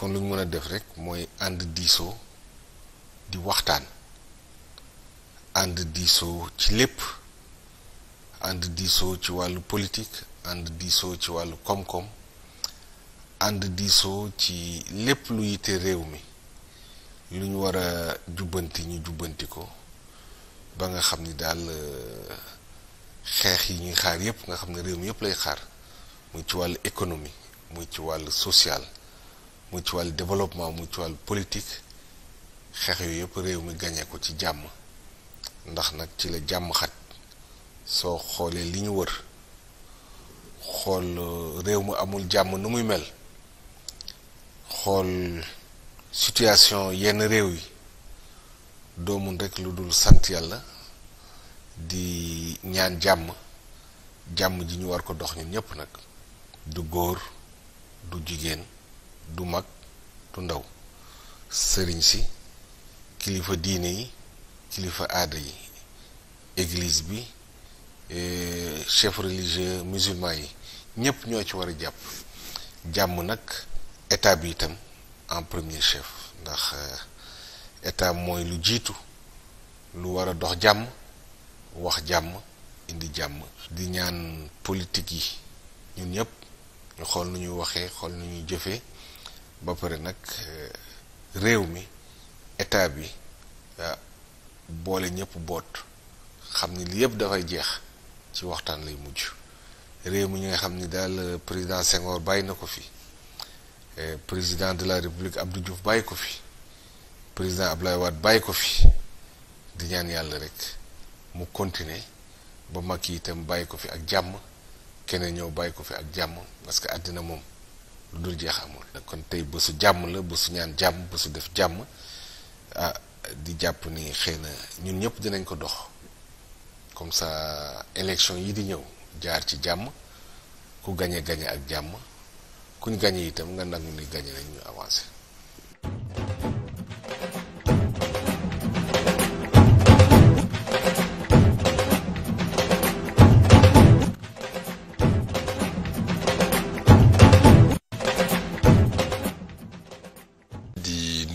kon lu ñu mën a def rek mooy ànd diisoo di waxtaan ànd diisoo ci lépp ànd diisoo ci wàllu politique ànd diisoo ci wàllu koom-koom ànd diisoo ci lépp lu yite réew mi lu ñu war a jubbanti ñu jubbanti ko ba nga xam ni daal euh, xeex yi ñuy xaar yépp nga xam ne réew mi yépp lay xaar muy ci wàllu économie muy ci wàllu social mu ci wàllu développement mu ci xeex yooyu yëpp réew mi gañe ko ci jàmm ndax nag ci la jàmm xaj soo xoolee li ñu wër xool euh, réew mi amul jàmm nu muy mel xool situation yenn réew yi doomun rekk lu dul sant yàlla di ñaan jàmm jàmm ji ñu war ko dox ñun ñépp nag du góor du jigéen du mag du ndaw sëriñ si kilifa diine yi kilifa aada yi église bi eh, chef religieux musulman yi ñépp ñoo ci war a jàpp jàmm nag état bi itam en premier chef ndax eh, état mooy lu jiitu lu war a dox jàmm wax jàmm indi jàmm di ñaan politique yi ñun ñépp xool nu ñuy waxee xool nu ñuy jëfee ba pare nag eh, réew mi état bi ah, boole ñëpp boot xam ni lii yëpp dafay jeex ci waxtaan lay mujj réew mi ñu nga xam ni daal eh, président Senghor bàyyi na ko fi eh, président de la république Abdou Diouf bàyyi ko fi président Abdoulaye Wade bàyyi ko fi di yàlla rek mu continuer ba mag yi itam bàyyi ko fi ak jàmm keneen ñëw bàyyi ko fi ak jàmm parce que àddina moom lu dul jeex amul. kon tey bésu jàmm la bésu ñaan jàmm bésu def jàmm ah di jàpp ni xëy na ñun ñëpp dinañ ko dox comme ça élection yi di ñëw jaar ci jàmm ku gañe gañe ak jàmm kuñ gañe itam nga nangu ni gañe nañ ñu avancé.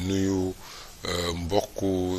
nuyu euh, mbokku